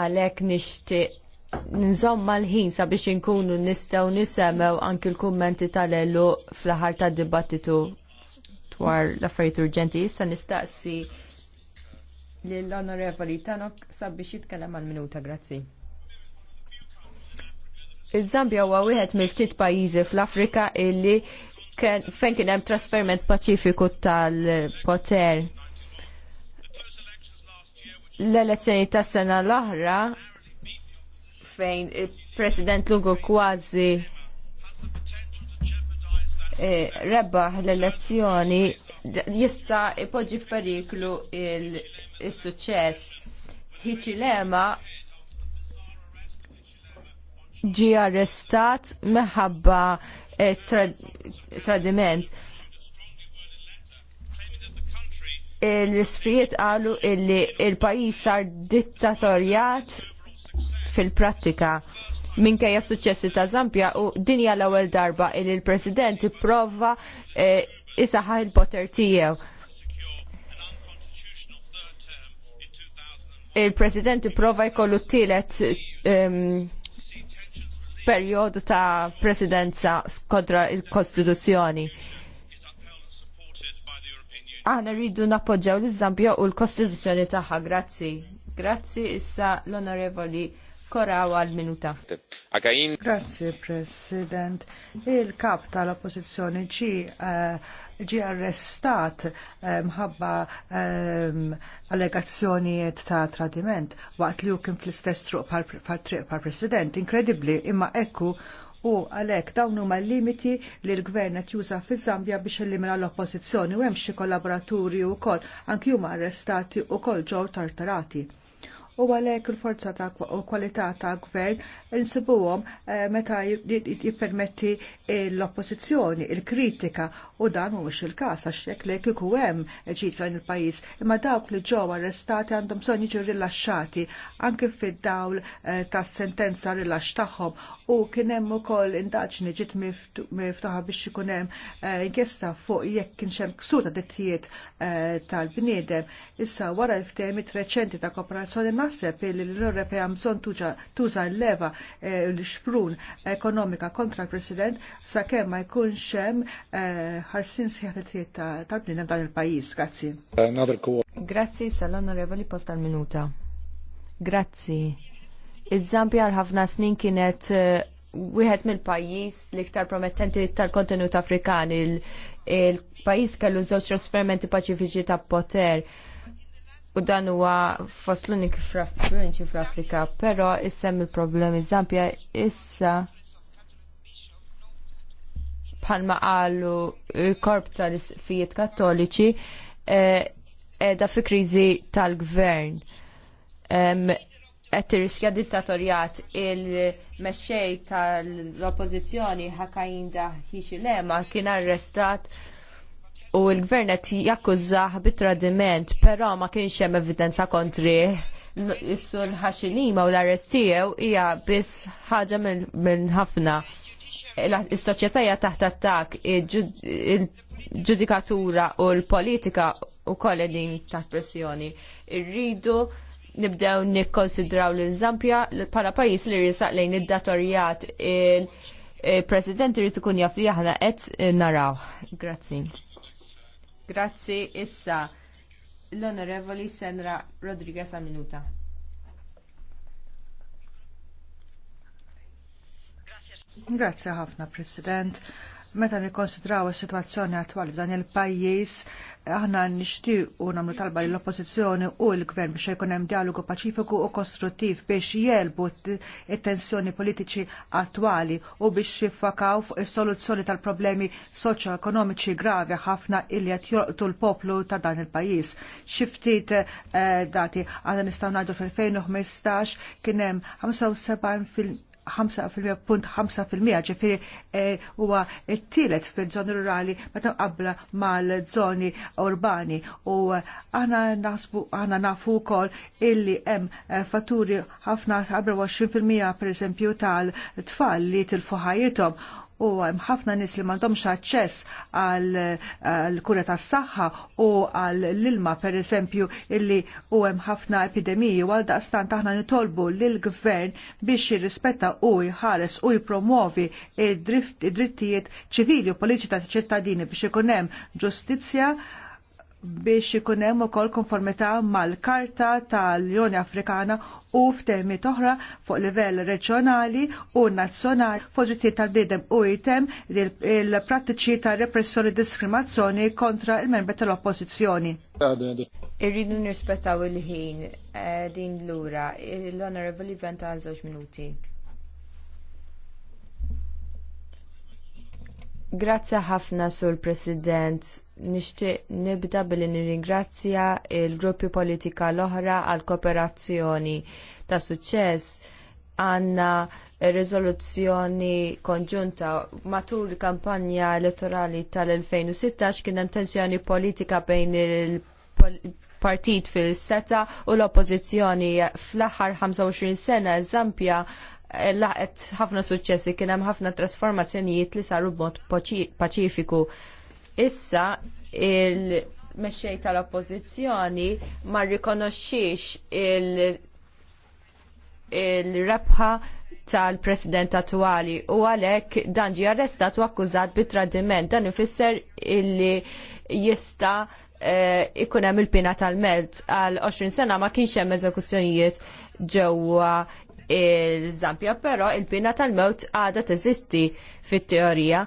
għalek nishtiq nżomma l-ħin sabiex inkunu nistaw nisemew anki l-kummenti tal-ellu fl-ħar ta' dibattitu dwar l-affarijiet urġenti. Issa nistaqsi l-onorevoli Tanok sabiex jitkellem għal-minuta, grazzi. iż zambia huwa wieħed mill-ftit pajjiżi fl-Afrika illi fejn kien hemm trasferment paċifiku tal-poter l-elezzjoni tas sena l-oħra fejn il-President Lugo kważi eh, rebaħ l-elezzjoni jista ipoġġi f'periklu il-suċċess. Hiċilema ġie arrestat meħabba eh, tradiment. l-isprijiet qalu illi il-pajis sar dittatorjat fil-prattika minkejja suċessi ta' Zambja u dinja l-ewwel darba illi l-President ipprova eh, isaħa il-poter tiegħu. il-President prova jkollu t-tielet ehm, periodu ta' presidenza skodra il-Kostituzzjoni aħna rridu nappoġġaw l zambja u l-Kostituzzjoni tagħha. Grazzi. Grazzi issa l-Onorevoli Korawa għal minuta. Grazzi, President. Il-kap tal-oppozizjoni ġi eh, ġi arrestat eh, mħabba eh, allegazzjonijiet ta' tradiment waqt li u kien fl-istess truq par-President. Inkredibli, imma ekku u għalhekk dawn huma limiti li l-gvern qed juża fiż-Zambja biex elimina l-oppożizzjoni u hemm xi kollaboraturi wkoll anki huma arrestati wkoll ġew tartarati. U għalhekk il-forza ta' u kwalità ta' gvern insibuhom eh, meta jippermetti l-oppożizzjoni, il-kritika u dan mhuwiex il-każ għax jekk lek ikun hemm fejn il-pajjiż, imma dawk li ġew arrestati għandhom bżonn jiġu rilaxxati anke fid-dawl eh, tas sentenza rilaxx tagħhom u kien hemm ukoll indaġni ġiet miftuħa biex ikun hemm eh, inkjesta fuq jekk kien hemm ksur ta' dettijiet eh, tal-bniedem. Issa wara l-ftehimiet reċenti ta' kooperazzjoni naħseb li l-Unjoni Ewropea bżonn tuża l-leva eh, l-xprun ekonomika kontra l-President sakemm ma jkunx hemm ħarsin sħiħ dettijiet tal-bniedem dan il-pajjiż. Grazzi. Grazzi sal-Onorevoli Posta minuta Grazzi. Iż-Zambja ħafna snin kienet eh, wieħed mill-pajjiż l-iktar promettenti tal-kontenut Afrikan. Il-pajjiż kellu żewġ trasferimenti paċifiċi ta' poter u dan huwa fost l-unik provinċi fl-Afrika, però issem il-problemi Zambja issa bħalma qalu korp tal-isfijiet kattoliċi eh, edha fi kriżi tal-gvern qed tirriskja dittatorjat il-mexxej tal-oppożizzjoni Hakainda lema kien arrestat u l-gvern qed jakkużah bit-tradiment, però ma kienx hemm evidenza kontri s sur Ħaxilima u l arrestijew hija biss ħaġa minn ħafna is-soċjetà hija taħt attak, il-ġudikatura u l-politika u koll din taħt pressjoni. Irridu nibdew nikkonsidraw l-Zambja bħala pajjiż li risaq lejn id-datorijat il-President irid ikun jaf li aħna qed naraw. Grazzi. Grazzi issa l-Onorevoli Senra Rodriguez Aminuta. Grazie ħafna, President. Meta nikkonsidraw is-sitwazzjoni attwali f'dan il-pajjiż aħna nixtiequ nagħmlu talba lill oppożizzjoni u l-gvern biex jkun hemm dialogu paċifiku u kostruttiv biex jelbu it-tensjoni politiċi attwali u biex jiffakaw fuq is-soluzzjoni tal-problemi soċjo-ekonomiċi gravi ħafna illi qed joqtu l-poplu ta' dan il-pajjiż. Xi ftit eh, dati għandna nistgħu ngħidu fil-2015 kien hemm 75 5.5% ġifiri eh, huwa t-tielet fil-żoni rurali meta qabla mal-żoni urbani u eh, aħna nasbu aħna nafu wkoll illi hemm eh, fatturi ħafna 24% pereżempju tal-tfal li tilfu ħajjithom u hemm ħafna nies li m'għandhomx aċċess għal kura tas-saħħa u għal l-ilma pereżempju illi u hemm ħafna epidemiji u għal daqstant aħna nitolbu lill gvern biex jirrispetta u jħares u jippromovi id-drittijiet ċivili u politiċi ta' ċittadini biex ikun hemm ġustizzja biex ikun hemm ukoll konformità mal-Karta tal-Unjoni Afrikana u f'temi oħra fuq livell reġjonali u nazzjonali fuq drittijiet tal-bniedem u jitem il-prattiċi ta' repressjoni diskriminazzjoni kontra il-membri tal-oppożizzjoni. Irridu nirrispettaw il-ħin eh, din lura, l ura l-Onorevoli żewġ minuti. Grazzi ħafna sur President. Nixtieq nibda billi nirringrazzja l gruppi politika l-oħra għal kooperazzjoni ta' suċċess għanna Rizoluzzjoni konġunta matul kampanja elettorali tal-2016 kien hemm tensjoni politika bejn il-partit fil-seta u l-oppożizzjoni fl-aħħar 25 sena eżampja laqet ħafna suċċessi kien hemm ħafna trasformazzjonijiet li saru b'mod paċifiku. Issa il mexxej tal-oppożizzjoni ma rrikonoxxix il il-rebħa tal-president attwali u għalhekk dan ġie arrestat u akkużat bit tradiment dan ifisser illi jista' eh, ikun hemm il-pina tal-melt għal 20 sena ma kienx hemm eżekuzzjonijiet ġewwa il-żampja, però il-pina tal-mewt għada teżisti fit-teorija.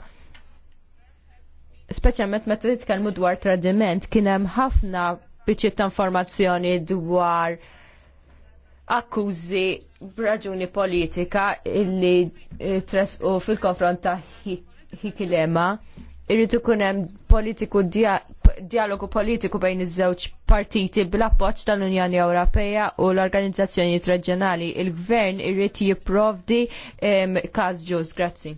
Speċjalment meta titkellmu dwar tradiment kien hemm ħafna biċċiet ta' informazzjoni dwar akkużi b'raġuni politika illi eh, tresqu fil-konfront ta' Hikilema. Irrid ikun hemm politiku dialogu politiku bejn iż-żewġ partiti bl-appoġġ tal-Unjoni Ewropea u l-organizzazzjonijiet reġjonali. Il-gvern irrid jipprovdi każ ġuż. Grazzi.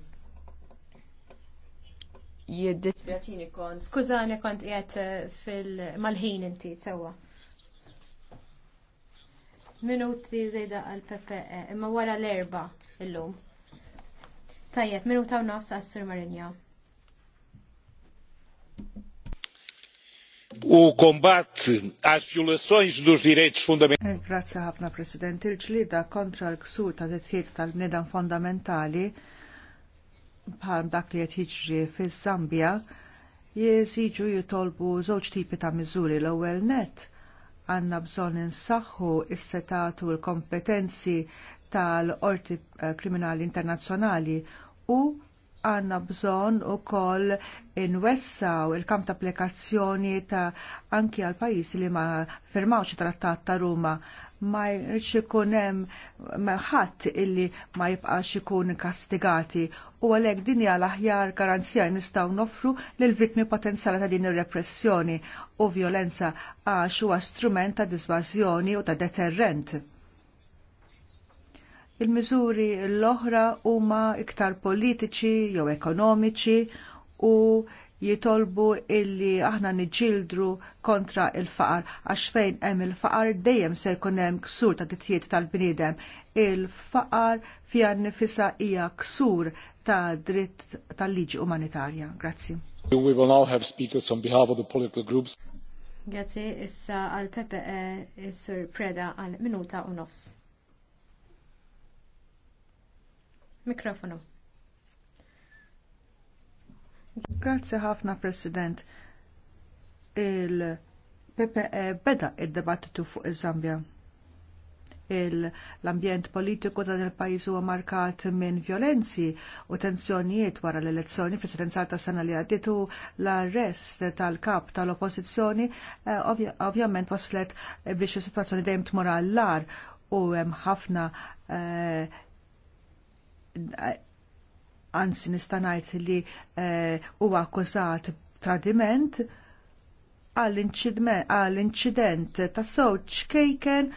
Jiddispjaċini kont. Skużani kont qiegħed eh, fil-malħin inti sewwa. Minuti zejda għal PPE, eh, imma wara l-erba illum. Tajjeb, minuta u nofs għas-Sur Marinja. U kombat għax violações dos direitos fundamentais. Eh, grazie ħafna President. Il-ġlida kontra l-ksur ta' dettijiet tal-bnedam Fundamentali bħal dak li qed jiġri fiż-Zambja jitolbu żewġ tipi ta' miżuri l-ewwel net għandna bżonn insaħħu s setatu l-kompetenzi tal qorti eh, Kriminali Internazzjonali u għandna bżonn ukoll inwessaw il-kamp ta' applikazzjoni ta' anki għal pajjiżi li ma firmawx it trattat ta' Ruma ma jirċ ikun hemm ħadd illi ma jibqax ikun kastigati u għalhekk din hija l-aħjar garanzija nistgħu noffru lill vittmi potenzjali ta' din ir-repressjoni u vjolenza għax huwa strument ta' diżvażjoni u ta' deterrent Il-miżuri l-oħra huma iktar politiċi jew ekonomiċi u jitolbu illi aħna niġildru kontra il-faqar għax fejn hemm il-faqar dejjem se jkun hemm ksur ta' titjiet tal-bniedem. Il-faqar fiha nifisa hija ksur ta' dritt tal-liġi umanitarja. Grazzi. We will now have speakers on behalf of the political groups. Grazie issa għal PPE Sir Preda għal minuta u nofs. Mikrofonu. Grazzi ħafna, President. Il-PPE beda id-debattitu fuq iż-Zambja. L-ambjent politiku dan il-pajis huwa markat minn violenzi u tensjonijiet wara l-elezzjoni ta' sena li għadditu l-arrest tal-kap tal-oppożizzjoni eh, ovvjament waslet biex is-sitwazzjoni dejjem tmur l lar u hemm ħafna eh, anzi nista' ngħid li eh, huwa akkużat tradiment għall-inċident ta' sewġ kejken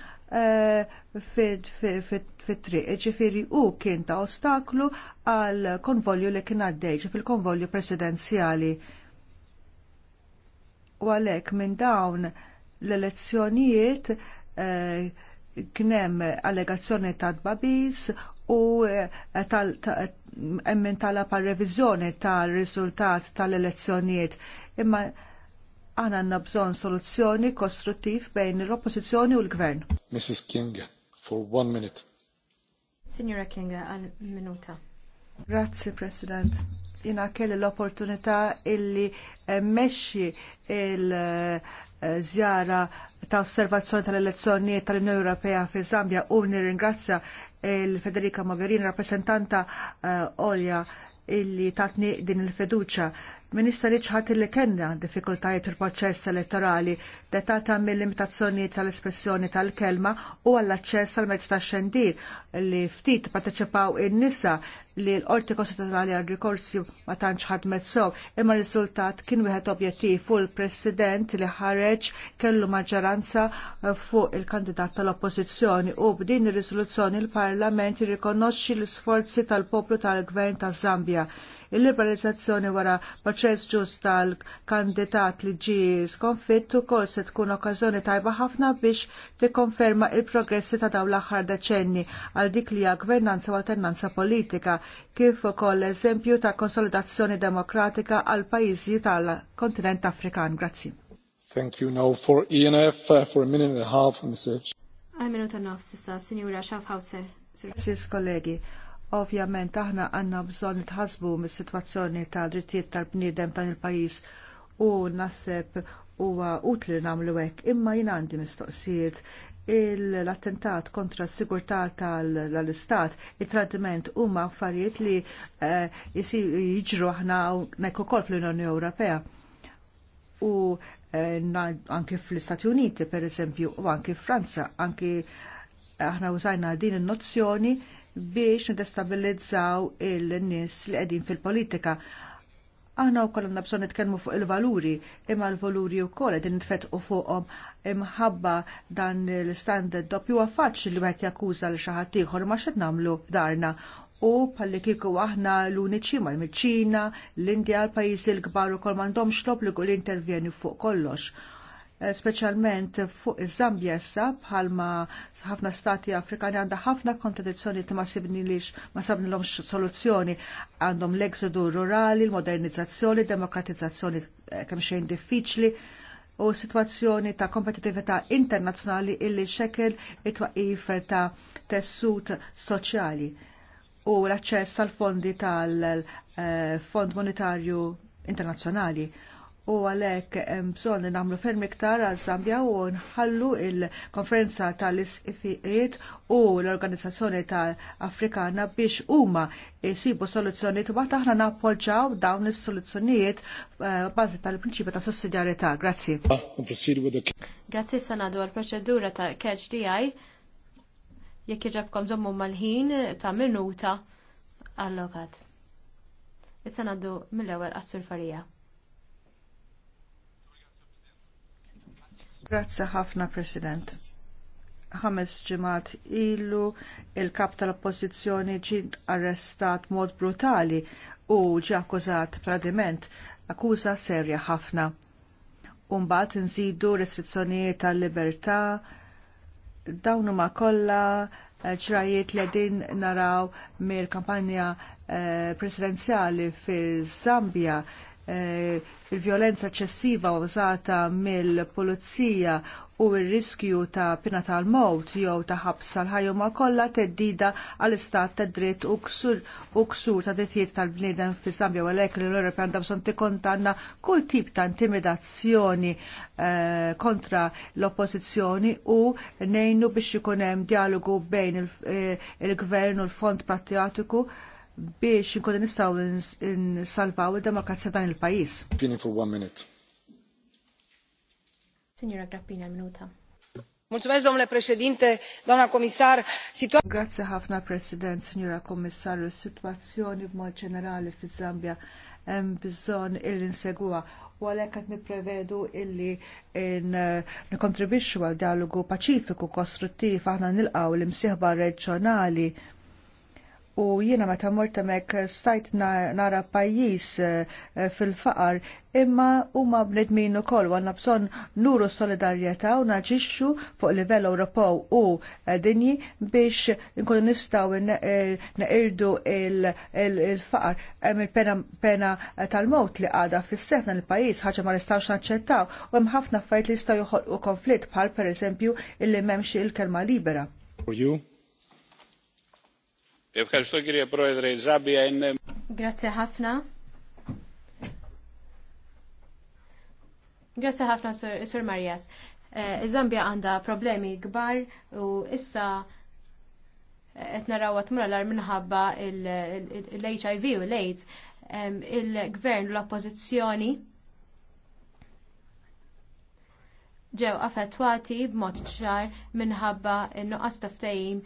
eh, fit-triq, ġifiri u kien ta' ostaklu għal konvolju li kien għaddej fil-konvolju presidenzjali. U għalhekk minn dawn l-elezzjonijiet eh, kien hemm allegazzjoni ta' dbabis u eh, tal, tal emmen tala par revizjoni tal riżultat tal-elezzjonijiet. Imma għana għanna bżon soluzzjoni kostruttiv bejn l-oppozizjoni u l-gvern. Mrs. King, for one minute. Signora King, għal minuta. Grazie, President jina kelli l-opportunità illi eh, meċi il- żjara ta' osservazzjoni tal-elezzjonijiet tal-Unjoni Ewropea fi Zambia u nirringrazzja il-Federica Mogherini, rappresentanta uh, Olja, illi tatni din il-fiduċa Minista iċħat li kenna diffikultajiet il-proċess elettorali detata mill-limitazzjoni tal-espressjoni tal-kelma u għall-aċċess għal mezz ta' xendir li ftit parteċipaw in-nisa li l-Qorti konstituzjonali għal rikorsi ma tantx ħadd mezzow, imma r-riżultat kien wieħed objettiv fuq l-President li ħareġ kellu maġġoranza eh, fuq il-kandidat tal-Oppożizzjoni u b'din ir-riżoluzzjoni l-Parlament jirrikonoxxi l-isforzi tal-poplu tal-Gvern ta' Zambia Il-liberalizzazzjoni wara proċess ġust tal-kandidat li ġie skonfitt ukoll se tkun okkażjoni tajba ħafna biex tikkonferma l progressi ta' dawn l-aħħar deċenni għal dik li hija gvernanza u alternanza politika kif ukoll eżempju ta' konsolidazzjoni demokratika għal pajjiżi tal-kontinent Afrikan. Grazzi. Thank you now for ENF uh, for a minute and a half, Schaffhauser. kollegi, Ovvjament aħna għandna bżonn tħasbu mis-sitwazzjoni ta' drittijiet tal-bniedem ta' il-pajjiż u naħseb huwa utli nagħmlu hekk, imma jien għandi mistoqsijiet l-attentat kontra s-sigurtà tal-istat, it-tradiment huma affarijiet li eh, jiġru aħna nekk ukoll fl-Unjoni Ewropea. U eh, anke fl-Istati Uniti, pereżempju, u anke Franza, anke aħna użajna din in-nozzjoni biex nidestabilizzaw il-nis li qegħdin fil-politika. Aħna u kolumna bżon nitkellmu fuq il-valuri, imma l-valuri u koll nitfet u fuqhom imħabba dan l-standard doppju għafax faċli li għet jakkuża l xi ħadd ieħor ma xed nagħmlu f'darna u palli kiku aħna l-uniċi ma l-ċina, l-Indja, l-pajjiżi l-kbar u kol m'għandhomx l-obbligu li intervjeni fuq kollox Eh, speċjalment fuq iż-Zambja issa bħalma ħafna stati Afrikani għandha ħafna kontradizzjoni li ma sibnilix ma sabnilhomx soluzzjoni għandhom l-eżodu rurali, l-modernizzazzjoni, demokratizzazzjoni eh, kemm xejn diffiċli u situazzjoni ta' kompetitività internazzjonali illi xekel it-twaqif ta' tessut soċjali u l-aċċess għal fondi tal-Fond eh, Monetarju Internazzjonali u għalhekk bżonn li nagħmlu ferm iktar għal Zambja u nħallu l konferenza tal-Isfiqiet u l-Organizzazzjoni tal-Afrikana biex huma jsibu soluzzjonijiet waqt aħna nappoġġaw dawn is-soluzzjonijiet eh, bazi tal-prinċipju ta' sussidjarjetà. Grazzi. Grazzi sanadu għal proċedura ta' KHDI. jekk iġabkom żommu mal-ħin ta' minuta allokat. Issa ngħaddu mill-ewwel għas-surfarija. Grazzi ħafna, President. Ħames ġimgħat ilu il-kap tal-oppożizzjoni ġiet arrestat mod brutali u ġie akkużat tradiment, akkuża serja ħafna. Umbagħad inżidu restrizzjonijiet tal-libertà dawn huma kollha ġrajiet li din naraw mill-kampanja eh, presidenzjali fiż Zambia Eh, il-violenza ċessiva użata mill-pulizija u r riskju ta' pina tal-mowt jew ta' ħabsa l-ħajja kollha teddida għall-istat ta' dritt u ksur u ta' tal-bniedem fi Zambja u għalhekk l-Unjoni Ewropea għandha bżonn tikkontanna kull tip ta' intimidazzjoni eh, kontra l-oppożizzjoni u ngħinu biex ikun hemm dialogu bejn eh, il-gvern u l-fond patriotiku biex inkunu nistgħu nsalvaw id-demokrazija dan il-pajjiż. Grappini for one minute. Signora Grappina, minuta. Mulțumesc, domnule președinte, doamna comisar. Situa... Grazie Hafna, president, signora commissarju. Situazzjoni b'mod ġenerali fi Zambia hemm bizon, il insegua. u għalhekk qed nipprevedu illi nikkontribwixxu eh, għal dialogu paċifiku kostruttiv aħna nilqgħu l-imsieħba reġjonali u jiena meta mort hemmhekk stajt nara pajjiż eh, fil-faqar imma huma bnedmin ukoll għandna bżonn nuru solidarjetà u naġixxu fuq livell Ewropew u eh, dinji biex nkunu nistgħu eh, neqirdu il-faqar hemm il-pena tal-mowt li għadha fis-sefna l-pajjiż ħaġa ma nistgħux naċċettaw u hemm ħafna affarijiet li jistgħu joħolqu konflitt bħal pereżempju illi m'hemmx il-kelma libera. Grazie ħafna. Grazie ħafna, Sur Marias. Iż-Zambia eh, għandha problemi kbar u issa eh, qed naraw għatmura minħabba l-HIV u l-AIDS. Il-gvern u l-oppożizzjoni ġew affettwati b'mod ċar minħabba n-nuqqas taftajim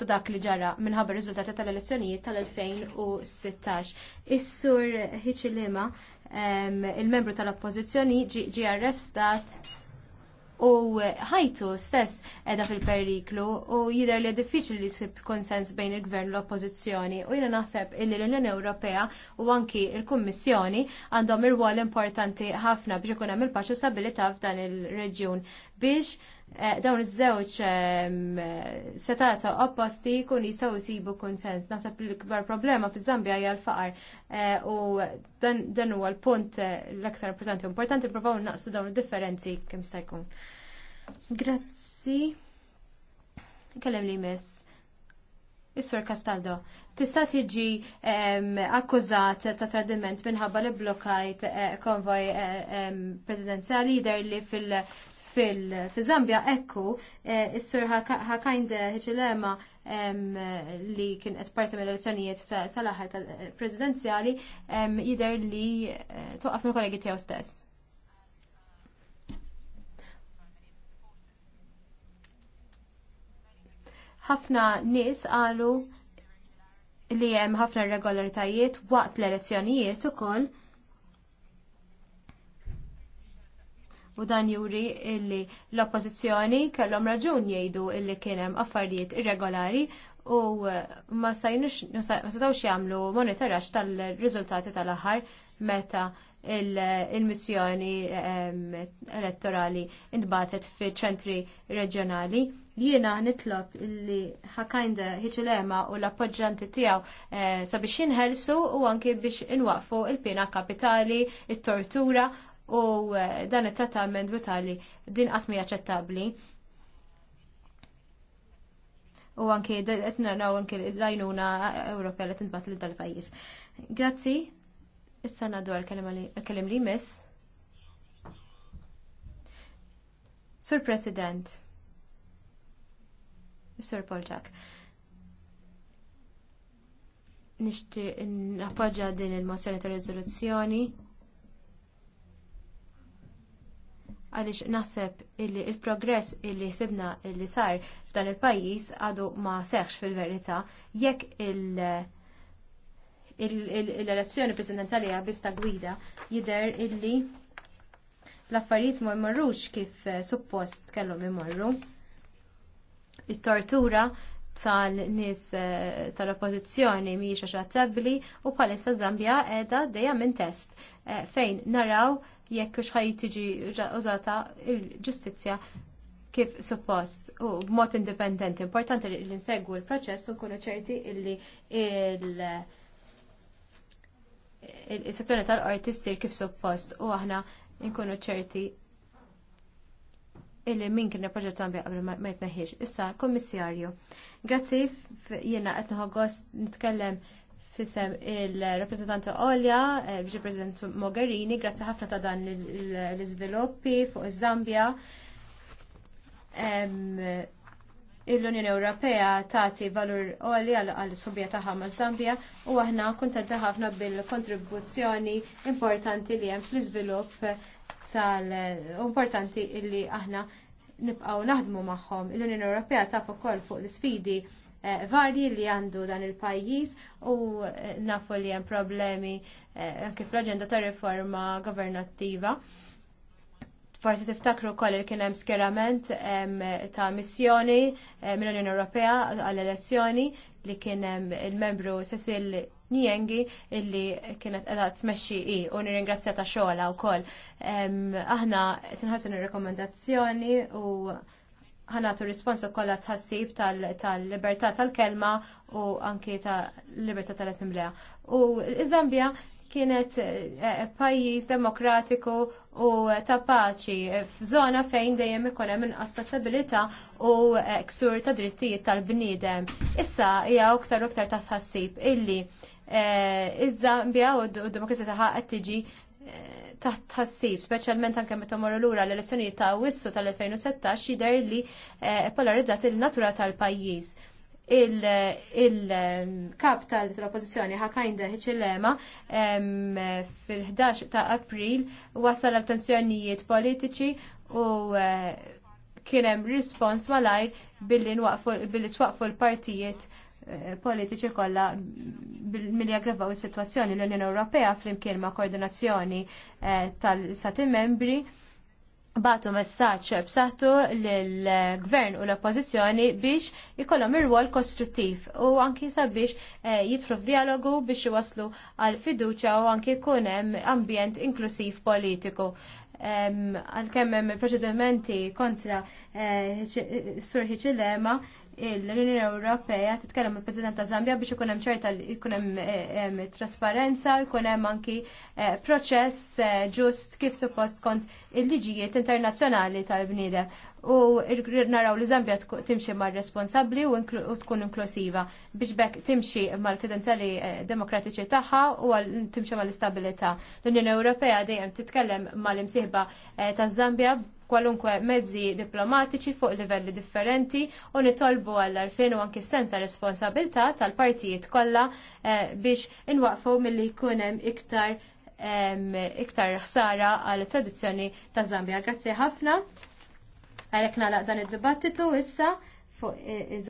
ta' dak li ġara minħabba riżultati tal-elezzjonijiet tal-2016. Is-sur Hiċilima, il-membru tal-oppożizzjoni, ġie arrestat u ħajtu stess edha fil-periklu u jidher li diffiċli li sib konsens bejn il-gvern u l-oppożizzjoni u jiena naħseb illi l-Unjoni Ewropea u anki l kummissjoni għandhom ir-rwol importanti ħafna biex ikun hemm il u stabilità f'dan ir reġjun biex Eh, dawn iż-żewġ ehm, eh, setata opposti kun jistgħu jsibu konsens. Naħseb li l-kbar problema fiż-Zambja hija l-faqar eh, u dan huwa l-punt l-aktar importanti. Importanti provaw naqsu dawn id-differenzi kemm se jkun. Grazzi. Kellem li miss. Is-Sur Castaldo, tista' tiġi ehm, akkużat ta' tradiment minħabba li blokkajt konvoj ehm, presidenziali jidher li fil- fil-Zambia ekku eh, is-sur Hakajnde Hiċilema li kien qed parti mill-elezzjonijiet tal-aħħar tal-presidenzjali eh, jidher li eh, toqgħod mill-kollegi tiegħu stess. ħafna nies qalu li hemm ħafna irregolaritajiet waqt l-elezzjonijiet ukoll u dan juri illi l-oppozizjoni kellhom raġun jgħidu illi kien hemm affarijiet irregolari u uh, ma setgħux jagħmlu monitoraġġ tal-riżultati tal-aħħar meta il-missjoni elettorali intbatet fi ċentri reġjonali. Jiena nitlob li ħakajnda ħiċilema u l-appoġġanti tiegħu eh, sabiex jinħelsu u anki biex inwaqfu il-pina kapitali, il tortura u eh, dan it-trattament brutali din qatt mhija aċċettabbli. U anke qed naraw anke l-għajnuna Ewropea li tinbat lil dal-pajjiż. Grazzi. Issa ngħaddu għall-kelim li miss. Sur President. Sur Polczak. Nixtieq nappoġġja din il-mozzjoni ta' riżoluzzjoni għaliex naħseb illi l progress illi sibna illi sar f'dan il-pajjiż għadu ma seħħx fil-verità jekk l-elezzjoni presidenzjali biss ta' gwida jidher illi l-affarijiet ma jmorrux kif eh, suppost kellhom imorru. It-tortura tal-nis eh, tal-oppozizjoni mhijiex aċċettabbli u bħalissa Zambja qiegħda dejjem minn test eh, fejn naraw jekk hux ħaj tiġi użata il-ġustizzja kif suppost u b'mod indipendenti. Importanti li nsegwu l-proċess u nkunu ċerti illi il-sezzjoni tal-artisti kif suppost u aħna nkunu ċerti illi min kien proġett għambi qabel ma jitneħiex. Issa, kommissarju, grazzi jiena qed nħoggos nitkellem fisem il-rappresentanta Olja, eh, Vice President Mogherini, grazie ħafna ta' dan l-izviluppi fuq iż-Zambja. L-Unjoni Ewropea tagħti valur olja għal subja ta' maż-Zambja u aħna kuntenti ħafna bil-kontribuzzjoni importanti li hemm fl-iżvilupp tal importanti li aħna nibqgħu naħdmu magħhom. L-Unjoni Ewropea taf ukoll fuq l-isfidi Eh, varji li għandu dan il-pajjiż u eh, nafu li hemm problemi eh, anke fl-aġenda ta' riforma governattiva. Forsi tiftakru wkoll li kien hemm skerament ta' missjoni mill-Unjoni Ewropea għall-elezzjoni li kien hemm il-membru Cecil Niengi illi kienet qiegħda tmexxi i u nirringrazzja ta' xogħla wkoll. Aħna tinħarsu nir-rekomendazzjoni u ħanatu rispons ukoll tħassib tal-libertà tal-kelma u anke tal-libertà tal-assemblea. U l-Zambia kienet eh, pajjiż demokratiku u ta' paċi f'żona fejn dejjem ikun hemm inqas ta' stabilità u eh, ksur ta' drittijiet tal-bniedem. Issa hija aktar u aktar ta' tħassib illi eh, iż-Zambja u d-demokrazija tagħha qed tiġi taħt tħassib, speċjalment anke meta morru lura l-elezzjonijiet ta' wissu tal-2016 jidher li eh, polarizzat il-natura tal-pajjiż. Il-kap ehm, tal-oppożizzjoni Hakajnda Hiċilema ehm, fil-11 ta' April wasal għal tensjonijiet politiċi u eh, kien hemm rispons malajr billi twaqfu l-partijiet politiċi kollha milli aggravaw is-sitwazzjoni l-Unjoni Ewropea flimkien ma' koordinazzjoni eh, tal-Stati membri batu messaġġ b'saħħtu lill-gvern u l-oppożizzjoni biex ikollhom ir-rwol kostruttiv u anki sabiex eh, jidħlu f'dialogu biex iwaslu għal fiduċja u anki jkun hemm ambjent inklusiv politiku għal kemm il proċedimenti kontra eh, Sur Hiċilema l-Unjoni Ewropea titkellem il-President ta' Zambia biex ikun hemm ċerta jkun hemm eh, trasparenza, jkun hemm anki eh, proċess eh, ġust kif suppost kont il-liġijiet internazzjonali tal-bniedem. U naraw li Zambia timxi mar responsabbli u tkun inklusiva biex bekk timxi mal-kredenzjali demokratiċi tagħha u timxi mal-istabilità. L-Unjoni Ewropea dejjem titkellem mal-imsieħba ta' Zambia kwalunkwe mezzi diplomatiċi fuq livelli differenti u nitolbu għall-arfin u anki sens ta' responsabilità tal-partijiet kollha eh, biex inwaqfu milli jkun hemm iktar iktar ħsara għal tradizzjoni ta' Zambia. Grazzi ħafna. Għalekna nalaq dan id-dibattitu issa fuq eh,